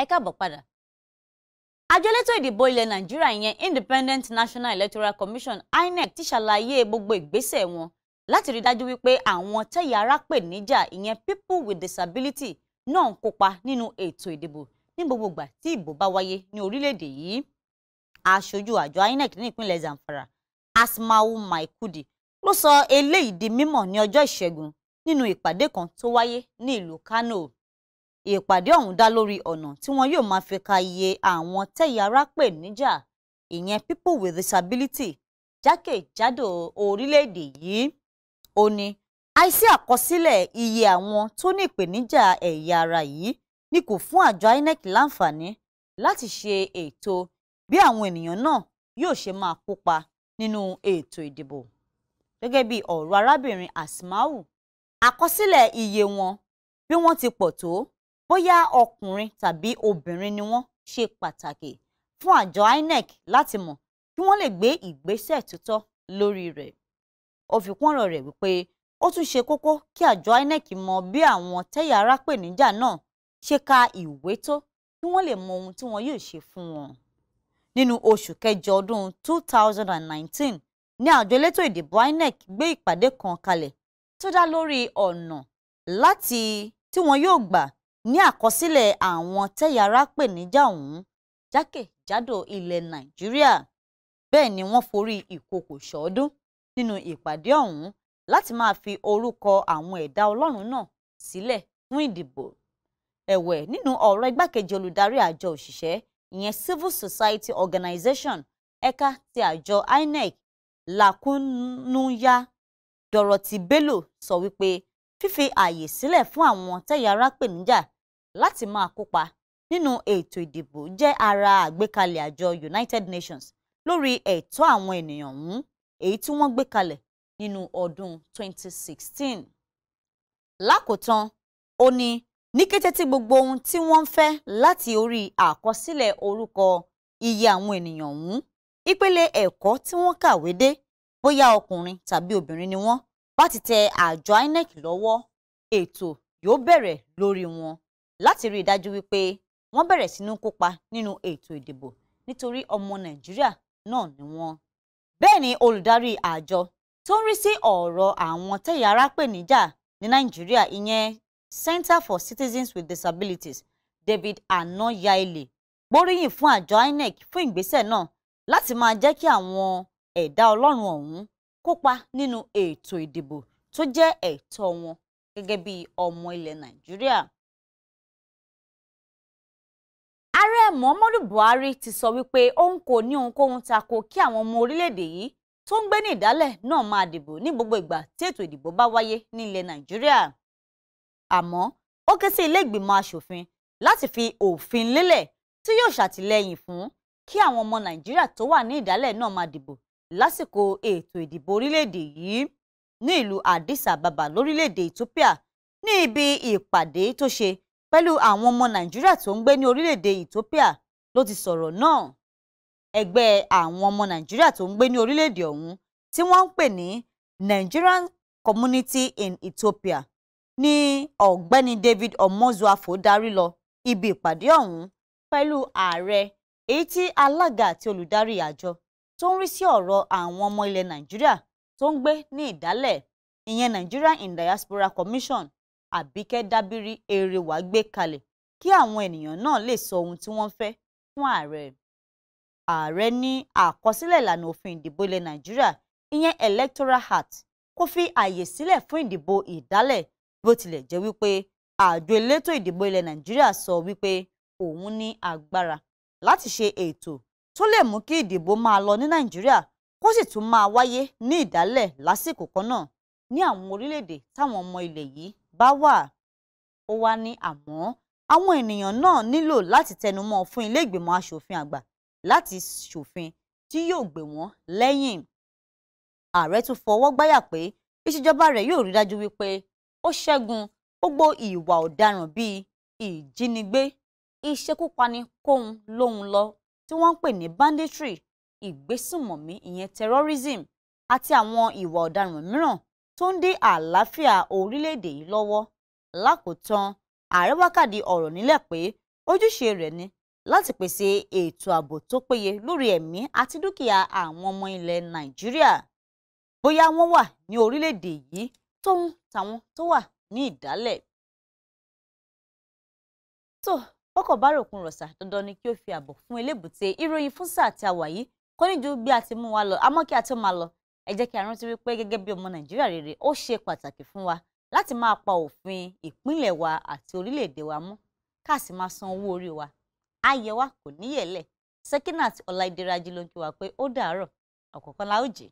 ẹ káàbọ̀ padà. àjọ elétò ìdìbò ilẹ̀ nàìjíríà ìyẹn Independent National Electoral Commission INEC ti ṣàlàyé gbogbo ìgbésẹ̀ wọn láti rí dájú wípé àwọn tẹ́yà ara níjà ìyẹn people with disability náà ń kópa nínú ètò ìdìbò ní gbogbo ìgbà tí ìbò bá wáyé ní orílẹ̀-èdè yìí aṣojú àjọ INEC ní ìpínlẹ̀ Zamfara Asmau Maikudi ló sọ eléyìí di mímọ̀ ní ọjọ́ ìṣẹ́gun nínú ìpàdé kan tó wáyé ní ìlú Kano ìpàdé ọ̀hún dá lórí ọ̀nà tí wọn yóò máa fi ka iye àwọn tẹ́yà ara pè níjà ìyẹn people with disability jákèjádò orílẹ̀-èdè yìí ó ní àìsí àkọsílẹ̀ iye àwọn tó ní ìpèníjà ẹ̀yà ara yìí ni kò fún àjọ INEC láǹfààní láti ṣe ètò bí àwọn ènìyàn náà yóò ṣe máa kópa nínú ètò ìdìbò gẹ́gẹ́ bí ọ̀rọ̀ arábìnrin Asmau àkọsílẹ̀ iye wọn bí wọ́n ti pọ̀ tó bóyá ọkùnrin tàbí obìnrin ni wọ́n ṣe pàtàkì fún àjọ INEC láti mọ̀ kí wọ́n lè gbé ìgbésẹ̀ tó tọ́ lórí rẹ̀ ó fi kún ọ̀rọ̀ rẹ̀ wípé ó tún ṣe kókó kí àjọ INEC mọ bí àwọn tẹ́yà ara pè níjà náà ṣe ka ìwé tó kí wọ́n lè mọ ohun tí wọn yóò ṣe fún wọn. nínú oṣù kẹjọ ọdún 2019 ní àjọ elétò ìdìbò INEC gbé ìpàdé kan kalẹ̀ tó dá lórí ọ̀nà láti tí wọn yóò gbà ní àkọsílẹ̀ àwọn tẹ́yàrá pèníjà ọ̀hún jákèjádò ilẹ̀ nàìjíríà bẹ́ẹ̀ ni wọ́n forí ìkòkò ṣọdún nínú ìpàdé ọ̀hún láti máa fi orúkọ àwọn ẹ̀dá ọlọ́run náà sílẹ̀ fún ìdìbò ẹ̀wẹ̀ nínú ọ̀rọ̀ igbákejì olùdarí àjọ òṣìṣẹ́ ìyẹn civil society organization ẹ̀ka ti àjọ INEC Lakunuya Dorothy Bello sọ wípé fífi ààyè sílẹ̀ fún àwọn tẹ́yàrá pèníjà láti máa kópa nínú ètò ìdìbò jẹ́ ara àgbékalẹ̀ àjọ United Nations lórí ẹ̀tọ́ àwọn ènìyàn ọ̀hún èyí tí wọ́n gbé kalẹ̀ nínú ọdún 2016. lákòótán ó ní ní kété tí gbogbo ohun tí wọ́n ń fẹ́ láti orí àkọsílẹ̀ orúkọ iye àwọn ènìyàn ọ̀hún ìpele ẹ̀kọ́ tí wọ́n kàwé dé bóyá ọkùnrin tàbí obìnrin ni wọ́n bá ti tẹ àjọ INEC lọ́wọ́ ètò yóò bẹ̀rẹ̀ lórí wọn láti rí i dájú wípé wọ́n bẹ̀rẹ̀ sí ní kópa nínú ètò ìdìbò nítorí ọmọ nàìjíríà náà ni wọ́n. bẹ́ẹ̀ ni olùdarí àjọ tó ń rí sí ọ̀rọ̀ àwọn tẹ̀yà ara pè níjà ní nàìjíríà ìyẹn Center for Citizens with Disabilities David Anoyaile gbóríyìn fún àjọ INEC fún ìgbésẹ̀ náà láti máa jẹ́ kí àwọn ẹ̀dá ọlọ́run ọ̀hún kópa nínú ètò ìdìbò tó jẹ́ ẹ̀tọ́ wọn gẹ́gẹ́ bí ọmọ ilẹ̀ nàìjíríà. Muhammadu Buhari ti sọ wípé òun kò ní ohunkóhun tako kí àwọn ọmọ orílẹ̀-èdè yìí tó ń gbé ní ìdálẹ̀ náà máa dìbò ní gbogbo ìgbà tí ètò ìdìbò bá wáyé ní ilẹ̀ Nàìjíríà àmọ́ ó ké sí ilé ìgbìmọ̀ asòfin láti fi òfin lélẹ̀ tí yóò ṣàtìlẹ́yìn fún kí àwọn ọmọ Nàìjíríà tó wà ní ìdálẹ̀ náà máa dìbò lásìkò ètò ìdìbò orílẹ̀-èdè yìí ní ìlú Addis Ababa lórílẹ̀-èdè Ethiopia ní ibi ìpàdé tó ṣe pẹ̀lú àwọn ọmọ nàìjíríà tó ń gbé ní orílẹ̀-èdè Ethiopia ló ti sọ̀rọ̀ náà ẹgbẹ́ àwọn ọmọ nàìjíríà tó ń gbé ní orílẹ̀-èdè ọ̀hún tí wọ́n ń pè ní Nigerian Community in Ethiopia ní ọ̀gbẹ́ni David Omozuafo darí lọ ibi ìpàdé ọ̀hún pẹ̀lú ààrẹ èyí tí alága àti olùdarí àjọ tó ń rí sí ọ̀rọ̀ àwọn ọmọ ilẹ̀ nàìjíríà tó ń gbé ní ìdálẹ̀ ìyẹn Nigeria in Diaspora Commission Àbíkẹ́ Dábírí Erewà gbé kalẹ̀ kí àwọn ènìyàn náà lè sọ ohun tí wọ́n fẹ́ fún ààrẹ. Ààrẹ ní àkọsílẹ̀ ìlànà òfin ìdìbò ilẹ̀ Nàìjíríà ìyẹn Electoral Act kò fi ààyè sílẹ̀ fún ìdìbò ìdálẹ̀ bó tilẹ̀ jẹ́ wípé àjọ elétò ìdìbò ilẹ̀ Nàìjíríà sọ wípé òun ní agbára láti ṣe ètò tó lè mú kí ìdìbò máa lọ ní Nàìjíríà kó sì tún máa wáyé ní ìdálẹ̀ lásìkò kan náà ní àwọn orílẹ̀-èdè táwọn ọmọ ilẹ̀ yìí bá wà ó wá ní àmọ́ àwọn ènìyàn náà nílò láti tẹnumọ́ fún ilé ìgbìmọ̀ asòfin àgbà láti ṣòfin tí yóò gbè wọ́n lẹ́yìn ààrẹ tún fọwọ́ gbáyà pé ìṣèjọba rẹ̀ yóò rí dájú wípé ó ṣẹ́gun gbogbo ìwà ọ̀daràn bíi ìjínigbé ìṣekúpani kóhun lóhun lọ tí wọ́n ń pè ní banditry ìgbésùmọ̀mí ìyẹn terrorism àti àwọn ìwà ọ̀daràn mìíràn tó ń dí àlàáfíà orílẹ̀-èdè yìí lọ́wọ́ lákòótán ààrẹ wákàdí ọ̀rọ̀ nílẹ̀ pé ojúṣe rẹ̀ ni láti pèsè ètò ààbò tó péye lórí ẹ̀mí àti dúkìá àwọn ọmọ ilẹ̀ nàìjíríà bóyá wọ́n wà ní orílẹ̀-èdè yìí tóun tàwọn tó wà ní ìdálẹ̀. tó ọkọ̀ bá ròkun rọ̀ṣà dandan ni kí ó fi ààbò fún elébùté ìròyìn fún sáà tí a wà yìí kò ní ju bí a ti mú wa lọ àmọ́ kí a tó ẹ jẹ́ kí a rántí wípé gẹ́gẹ́ bí ọmọ nàìjíríà rere ó ṣe pàtàkì fún wa láti máa pa òfin ìpínlẹ̀ wa àti orílẹ̀-èdè wa mú ká sì máa san owó orí wa ayẹ wa kò níyẹ̀lẹ̀ Sekinat Ọláìdé Rájí wa pé ó dàárọ̀ ọ̀kọ̀ọ̀kan la ó jẹ́